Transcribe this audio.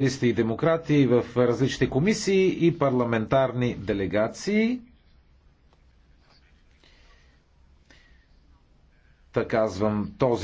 социалисти и демократи в различните комисии и парламентарни делегации. Та казвам този